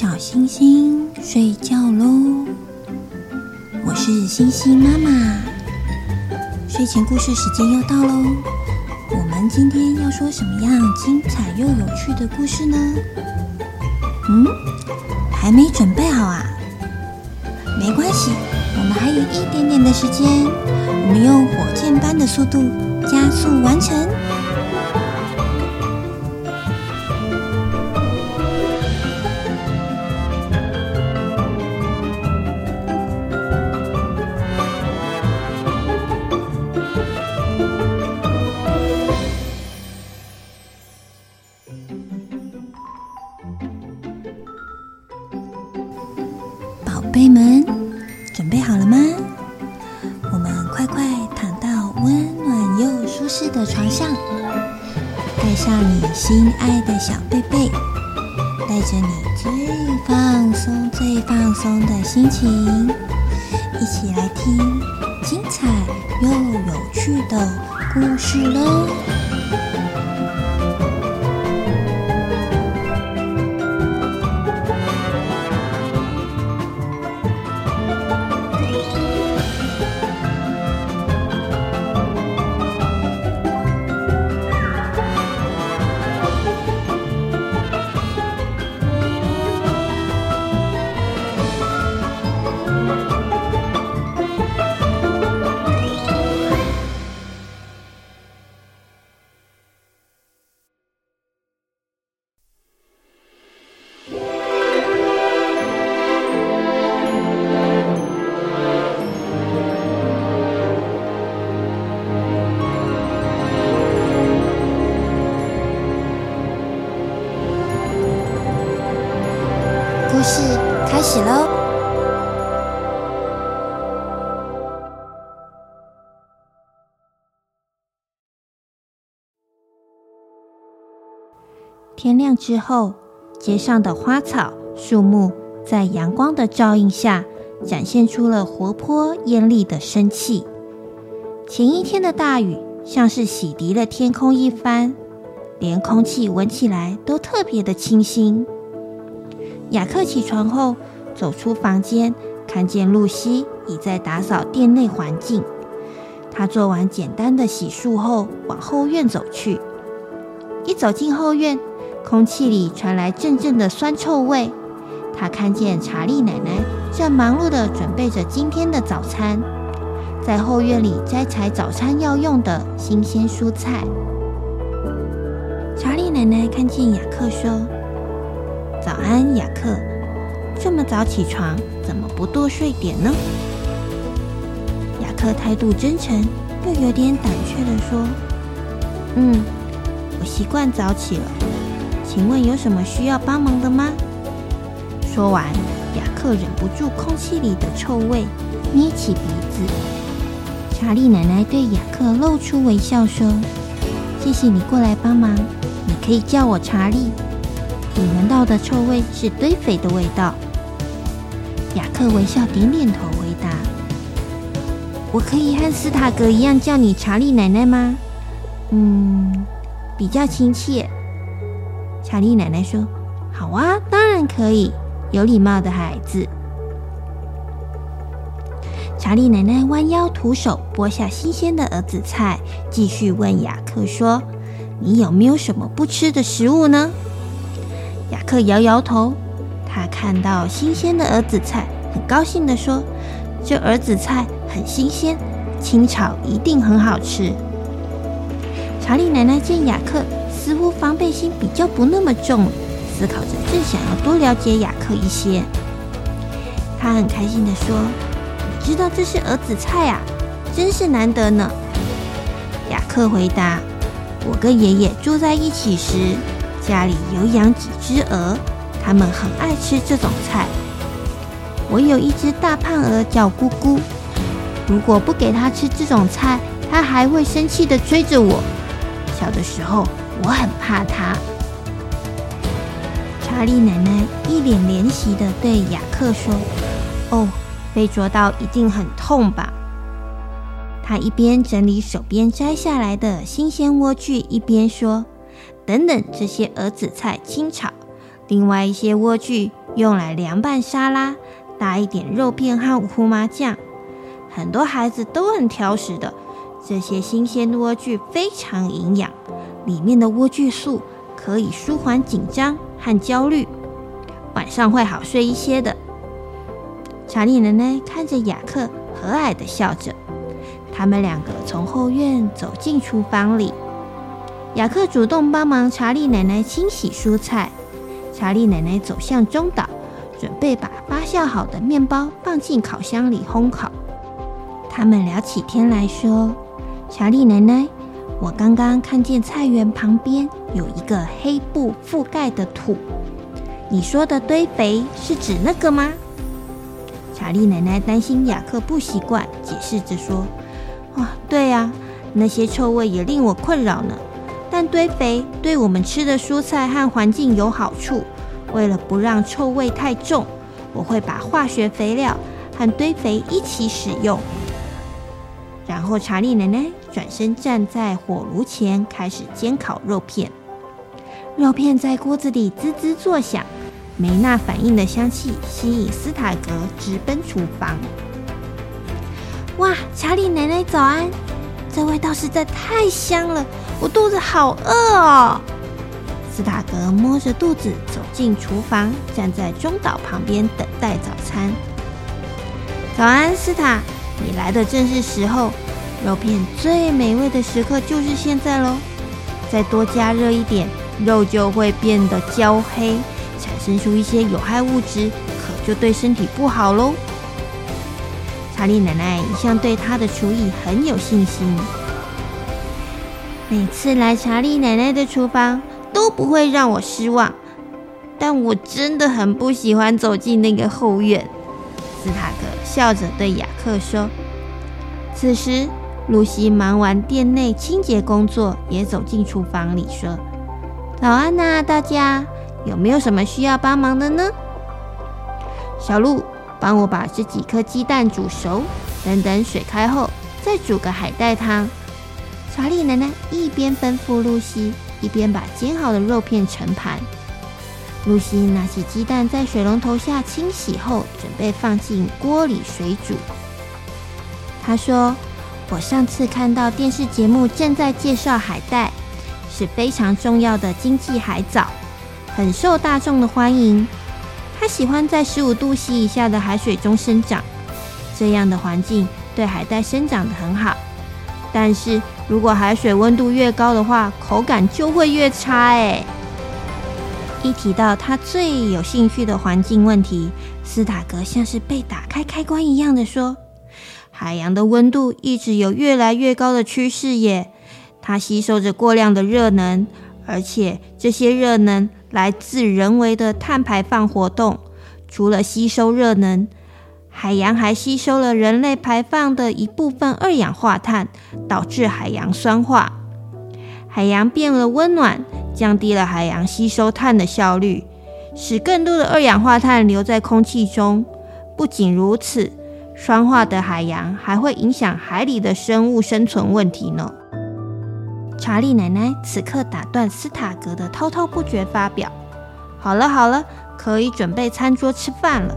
小星星睡覺嘍，我是星星媽媽。睡前故事時間又到嘍，我們今天要說什麼樣精彩又有趣的故事呢？嗯，還沒準備好啊。沒關係，我們還有一點點的時間，我們用火箭般的速度加速完成。心情，一起來聽精彩又有趣的故事嘍！天亮之後，街上的花草樹木在陽光的照映下，展現出了活潑艷麗的生氣。前一天的大雨像是洗滌了天空一番，連空氣聞起來都特別的清新。亞克起床後走出房間，看見露西已在打掃店內環境。他做完簡單的洗漱後，往後院走去。一走進後院，空氣裡傳來陣陣的酸臭味。他看見查莉奶奶正忙碌的準備着今天的早餐，在後院裡摘採早餐要用的新鮮蔬菜。查莉奶奶看見亞克，說：“早安，亞克！這麼早起床，怎麼不多睡點呢？”亞克態度真誠，又有點膽怯的說：“嗯，我習慣早起了。”請問有什麼需要幫忙的嗎？說完，亞克忍不住空氣裡的臭味，捏起鼻子。查莉奶奶對亞克露出微笑說：“謝謝你過來幫忙，你可以叫我查莉。你聞到的臭味是堆肥的味道。”亞克微笑點點頭回答：“我可以和斯塔格一樣叫你查莉奶奶嗎？”“嗯，比較親切。”查莉奶奶說：“好啊，當然可以，有禮貌的孩子。”查莉奶奶彎腰，徒手剝下新鮮的兒子菜，繼續問亞克說：“你有沒有什麼不吃的食物呢？”亞克搖搖頭。他看到新鮮的兒子菜，很高興地說：“這兒子菜很新鮮，清炒一定很好吃。”查莉奶奶見亞克。似乎防備心比較不那麼重，思考着正想要多了解亞克一些。他很開心的說：“你知道這是鵝子菜啊，真是難得呢。”亞克回答：“我跟爺爺住在一起時，家裡有養幾隻鵝，他們很愛吃這種菜。我有一隻大胖鵝叫姑姑，如果不給它吃這種菜，它還會生氣的追着我。小的時候。”我很怕他。查莉奶奶一臉憐惜地對亞克說：“哦，被啄到一定很痛吧？”她一邊整理手邊摘下來的新鮮萵苣，一邊說：“等等，這些兒子菜清炒，另外一些萵苣用來涼拌沙拉，搭一點肉片和胡麻醬。很多孩子都很挑食的，這些新鮮萵苣非常營養。”裡面的萵苣素可以舒緩緊張和焦慮，晚上會好睡一些的。查莉奶奶看着亞克，和藹的笑着。他們兩個從後院走進廚房裡，亞克主動幫忙查莉奶奶清洗蔬菜。查莉奶奶走向中島，準備把發酵好的麵包放進烤箱裡烘烤。他們聊起天來說：“查莉奶奶。”我剛剛看見菜園旁邊有一個黑布覆蓋的土，你說的堆肥是指那個嗎？查莉奶奶擔心亞克不習慣，解釋着說：“啊、哦，對啊，那些臭味也令我困擾呢。但堆肥對我們吃的蔬菜和環境有好處。為了不讓臭味太重，我會把化學肥料和堆肥一起使用。然後查莉奶奶。”轉身站在火爐前，開始煎烤肉片。肉片在鍋子裡滋滋作響，梅納反應的香氣吸引斯塔格直奔廚房。哇，查莉奶奶早安！這味道實在太香了，我肚子好餓哦。斯塔格摸着肚子走進廚房，站在中島旁邊等待早餐。早安，斯塔，你來的正是時候。肉片最美味的時刻就是現在嘍！再多加熱一點，肉就會變得焦黑，產生出一些有害物質，可就對身體不好嘍。查莉奶奶一向對她的廚藝很有信心，每次來查莉奶奶的廚房都不會讓我失望。但我真的很不喜歡走進那個後院。斯塔克笑着對亞克說：“此時。”露西忙完店內清潔工作，也走進廚房裡說：“早安吶、啊，大家，有沒有什麼需要幫忙的呢？”小露，幫我把這幾顆雞蛋煮熟，等等水開後，再煮個海帶湯。查莉奶奶一邊吩咐露西，一邊把煎好的肉片盛盤。露西拿起雞蛋，在水龍頭下清洗後，準備放進鍋裡水煮。她說：我上次看到電視節目正在介紹海帶，是非常重要的經濟海藻，很受大眾的歡迎。它喜歡在十五度 C 以下的海水中生長，這樣的環境對海帶生長得很好。但是如果海水溫度越高的話，口感就會越差，誒。一提到他最有興趣的環境問題，斯塔格像是被打開開關一樣的說。海洋的溫度一直有越來越高的趨勢，耶，它吸收着過量的熱能，而且這些熱能來自人為的碳排放活動。除了吸收熱能，海洋還吸收了人類排放的一部分二氧化碳，導致海洋酸化。海洋變了溫暖，降低了海洋吸收碳的效率，使更多的二氧化碳留在空氣中。不僅如此。酸化的海洋還會影響海裡的生物生存問題呢。查莉奶奶此刻打斷斯塔格的滔滔不絕發表：“好了好了，可以準備餐桌吃飯了。”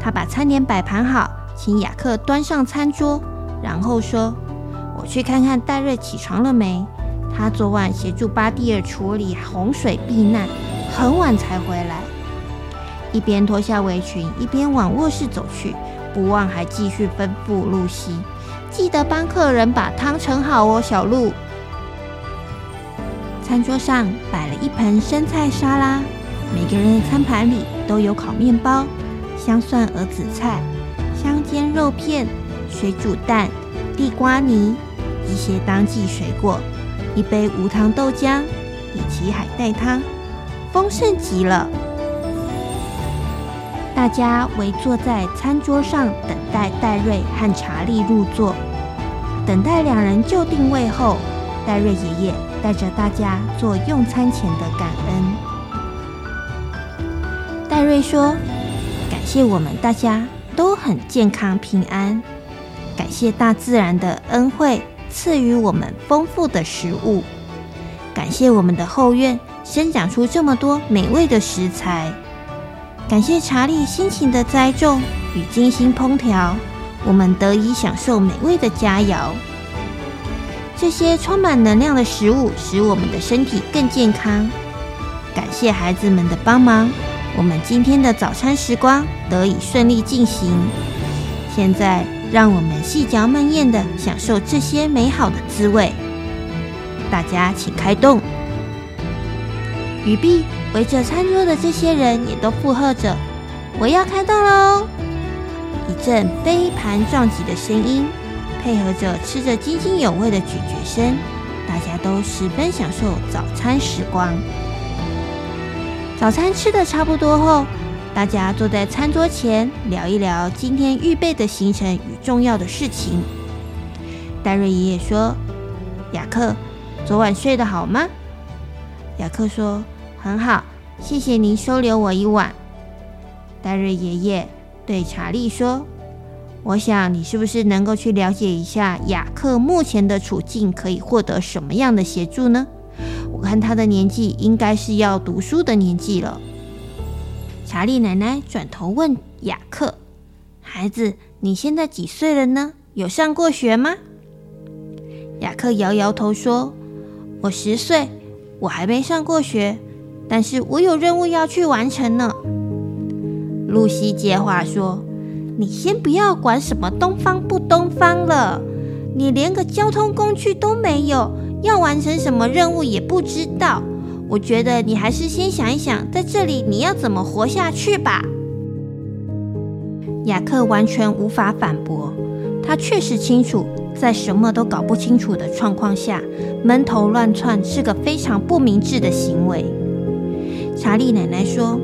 她把餐點擺盤好，請亞克端上餐桌，然後說：“我去看看戴瑞起床了沒？他昨晚協助巴蒂爾處理洪水避難，很晚才回來。”一邊脫下圍裙，一邊往臥室走去。不忘還繼續吩咐露西，記得幫客人把湯盛好哦，小露。餐桌上擺了一盆生菜沙拉，每個人的餐盤裡都有烤麵包、香蒜和紫菜、香煎肉片、水煮蛋、地瓜泥、一些當季水果、一杯無糖豆漿以及海帶湯，豐盛極了。大家圍坐在餐桌上，等待戴瑞和查莉入座。等待兩人就定位後，戴瑞爺爺帶着大家做用餐前的感恩。戴瑞說：“感謝我們大家都很健康平安，感謝大自然的恩惠賜予我們豐富的食物，感謝我們的後院生長出這麼多美味的食材。”感謝查莉辛勤的栽種與精心烹調，我們得以享受美味的佳餚。這些充滿能量的食物使我們的身體更健康。感謝孩子們的幫忙，我們今天的早餐時光得以順利進行。現在，讓我們細嚼慢嚥的享受這些美好的滋味。大家請開動。雨碧。圍着餐桌的這些人也都附和着：“我要開動嘍！”一陣杯盤撞擊的聲音，配合着吃着津津有味的咀嚼聲，大家都十分享受早餐時光。早餐吃得差不多後，大家坐在餐桌前聊一聊今天預備的行程與重要的事情。戴瑞爺爺說：“亞克，昨晚睡得好嗎？”亞克說。很好，謝謝您收留我一晚。戴瑞爺爺對查莉說：“我想你是不是能夠去了解一下亞克目前的處境，可以獲得什麼樣的協助呢？我看他的年紀應該是要讀書的年紀了。”查莉奶奶轉頭問亞克：“孩子，你現在幾歲了呢？有上過學嗎？”亞克搖搖頭說：“我十歲，我還沒上過學。”但是我有任務要去完成呢。露西接話說：“你先不要管什麼東方不東方了，你連個交通工具都沒有，要完成什麼任務也不知道。我覺得你還是先想一想，在這裡你要怎麼活下去吧。”亞克完全無法反駁，他確實清楚，在什麼都搞不清楚的狀況下，悶頭亂竄是個非常不明智的行為。查莉奶奶說：“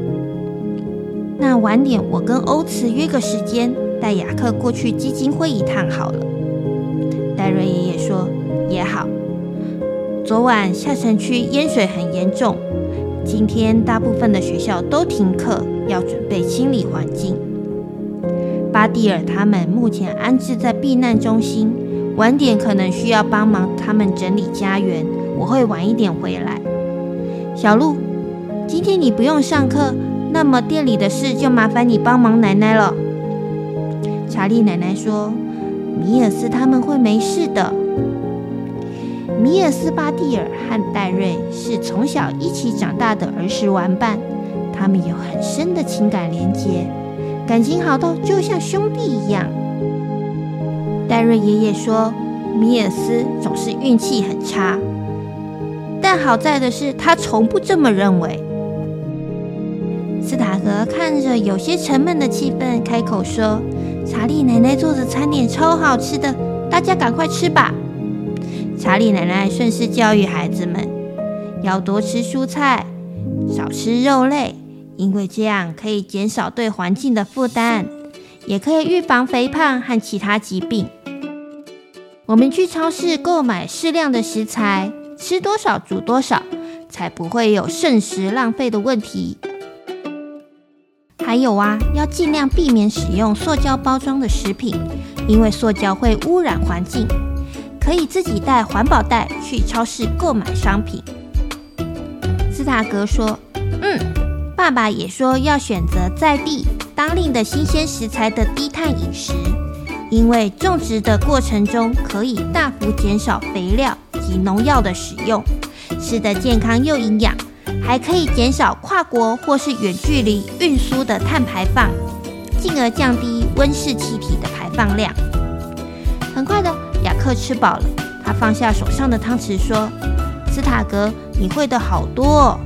那晚點我跟歐茨約個時間，帶亞克過去基金會一趟好了。”戴瑞爺爺說：“也好。”昨晚下城區淹水很嚴重，今天大部分的學校都停課，要準備清理環境。巴蒂爾他們目前安置在避難中心，晚點可能需要幫忙他們整理家園。我會晚一點回來，小鹿。今天你不用上課，那麼店裡的事就麻煩你幫忙奶奶了。查莉奶奶說：“米爾斯他們會沒事的。”米爾斯巴蒂爾和戴瑞是從小一起長大的兒時玩伴，他們有很深的情感連接，感情好到就像兄弟一樣。戴瑞爺爺說：“米爾斯總是運氣很差，但好在的是他從不這麼認為。”斯塔格看着有些沉悶的氣氛，開口說：“查莉奶奶做的餐點超好吃的，大家趕快吃吧。”查莉奶奶順勢教育孩子們：“要多吃蔬菜，少吃肉類，因為這樣可以減少對環境的負擔，也可以預防肥胖和其他疾病。我們去超市購買適量的食材，吃多少煮多少，才不會有剩食浪費的問題。”還有啊，要儘量避免使用塑膠包裝的食品，因為塑膠會污染環境。可以自己帶環保袋去超市購買商品。斯塔格說：“嗯，爸爸也說要選擇在地當令的新鮮食材的低碳飲食，因為種植的過程中可以大幅減少肥料及農藥的使用，吃得健康又營養。”還可以減少跨國或是遠距離運輸的碳排放，進而降低溫室氣體的排放量。很快的，亞克吃飽了，他放下手上的湯匙說：“斯塔格，你會的好多哦。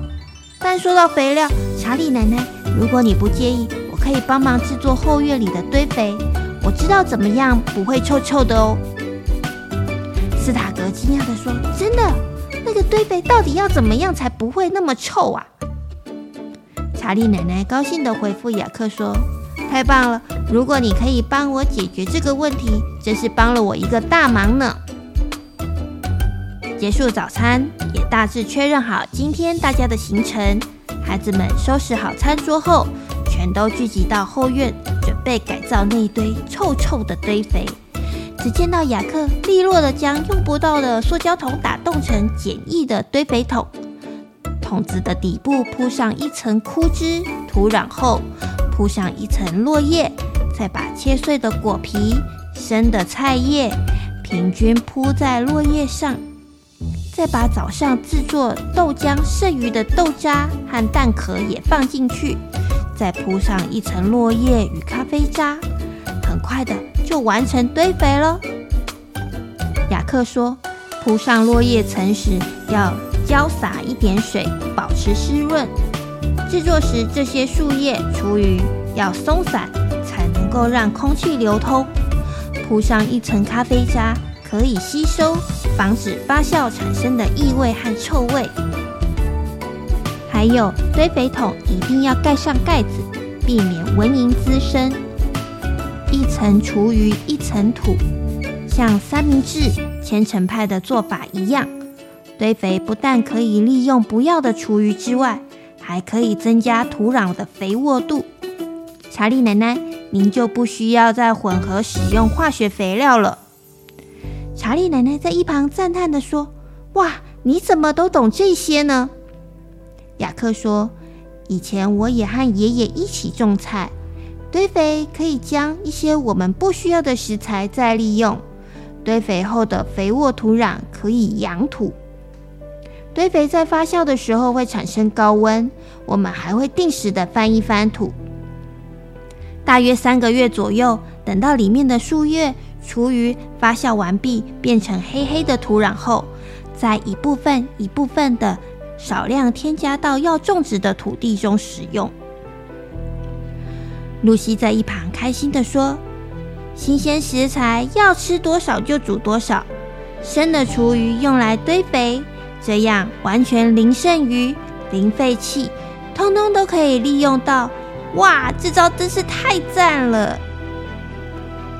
但說到肥料，查莉奶奶，如果你不介意，我可以幫忙製作後院裡的堆肥。我知道怎麼樣不會臭臭的哦。”斯塔格驚訝地說：“真的？”這堆肥到底要怎麼樣才不會那麼臭啊？查莉奶奶高興地回復亞克說：“太棒了！如果你可以幫我解決這個問題，真是幫了我一個大忙呢。”結束早餐，也大致確認好今天大家的行程。孩子們收拾好餐桌後，全都聚集到後院，準備改造那一堆臭臭的堆肥。只見到亞克利落的將用不到的塑膠桶打洞成簡易的堆肥桶，桶子的底部鋪上一層枯枝土壤後，鋪上一層落葉，再把切碎的果皮、生的菜葉平均鋪在落葉上，再把早上製作豆漿剩餘的豆渣和蛋殼也放進去，再鋪上一層落葉與咖啡渣，很快的。就完成堆肥了。亞克說，鋪上落葉層時要澆灑一點水，保持濕潤。製作時，這些樹葉廚餘要鬆散，才能夠讓空氣流通。鋪上一層咖啡渣，可以吸收，防止發酵產生的異味和臭味。還有，堆肥桶一定要蓋上蓋子，避免蚊蠅滋生。一層廚餘，一層土，像三明治千層派的做法一樣。堆肥不但可以利用不要的廚餘之外，還可以增加土壤的肥沃度。查莉奶奶，您就不需要再混合使用化學肥料了。查莉奶奶在一旁讚嘆地說：“哇，你怎麼都懂這些呢？”亞克說：“以前我也和爺爺一起種菜。”堆肥可以將一些我們不需要的食材再利用，堆肥後的肥沃土壤可以養土。堆肥在發酵的時候會產生高溫，我們還會定時的翻一翻土。大約三個月左右，等到裡面的樹葉、廚餘發酵完畢，變成黑黑的土壤後，再一部分一部分的少量添加到要種植的土地中使用。露西在一旁開心地說：“新鮮食材要吃多少就煮多少，生的廚餘用來堆肥，這樣完全零剩餘、零廢棄，通通都可以利用到。哇，這招真是太讚了！”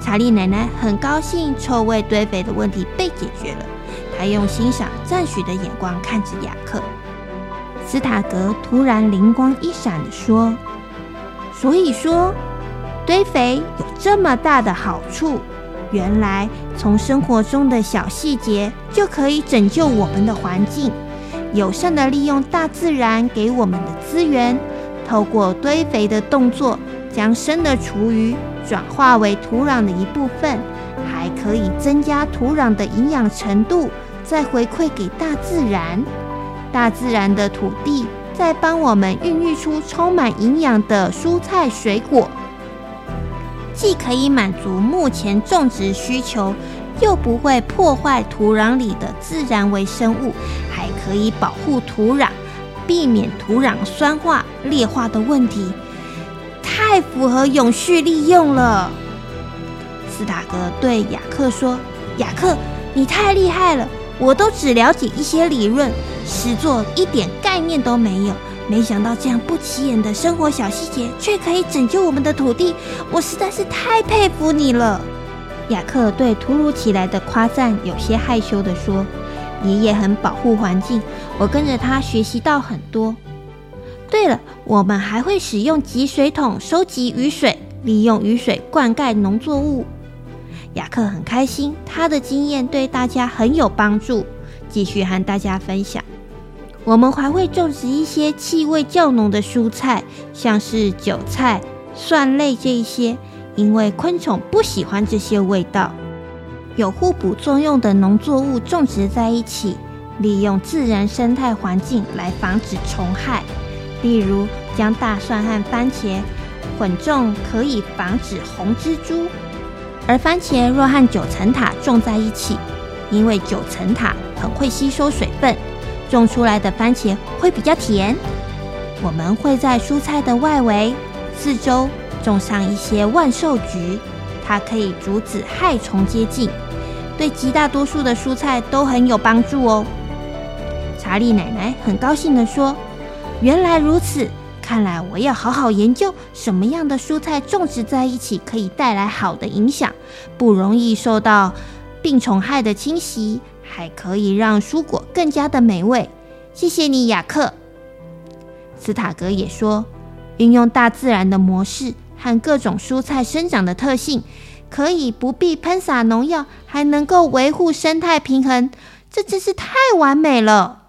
查莉奶奶很高興，臭味堆肥的問題被解決了。她用欣賞、讚許的眼光看着亞克。斯塔格突然靈光一閃地說。所以說，堆肥有這麼大的好處。原來，從生活中的小細節就可以拯救我們的環境，友善的利用大自然給我們的資源。透過堆肥的動作，將生的廚餘轉化為土壤的一部分，還可以增加土壤的營養程度，再回饋給大自然，大自然的土地。在幫我們孕育出充滿營養的蔬菜水果，既可以滿足目前種植需求，又不會破壞土壤裡的自然微生物，還可以保護土壤，避免土壤酸化、劣化的問題，太符合永續利用了。斯塔格對亞克說：“亞克，你太厲害了，我都只了解一些理論。”實作一點概念都沒有，沒想到這樣不起眼的生活小細節卻可以拯救我們的土地，我實在是太佩服你了。亞克對突如其來的誇讚有些害羞地說：“爺爺很保護環境，我跟着他學習到很多。對了，我們還會使用集水桶收集雨水，利用雨水灌溉農作物。”亞克很開心，他的經驗對大家很有幫助，繼續和大家分享。我們還會種植一些氣味較濃的蔬菜，像是韭菜、蒜類這一些，因為昆蟲不喜歡這些味道。有互補作用的農作物種植在一起，利用自然生態環境來防止蟲害。例如，將大蒜和番茄混種，可以防止紅蜘蛛；而番茄若和九層塔種在一起，因為九層塔很會吸收水分。種出來的番茄會比較甜。我們會在蔬菜的外圍四周種上一些萬壽菊，它可以阻止害蟲接近，對絕大多數的蔬菜都很有幫助哦。查莉奶奶很高興地說：“原來如此，看來我要好好研究什麼樣的蔬菜種植在一起可以帶來好的影響，不容易受到病蟲害的侵襲，還可以讓蔬果。”更加的美味，謝謝你，亞克。斯塔格也說，運用大自然的模式和各種蔬菜生長的特性，可以不必噴灑農藥，還能夠維護生態平衡，這真是太完美了。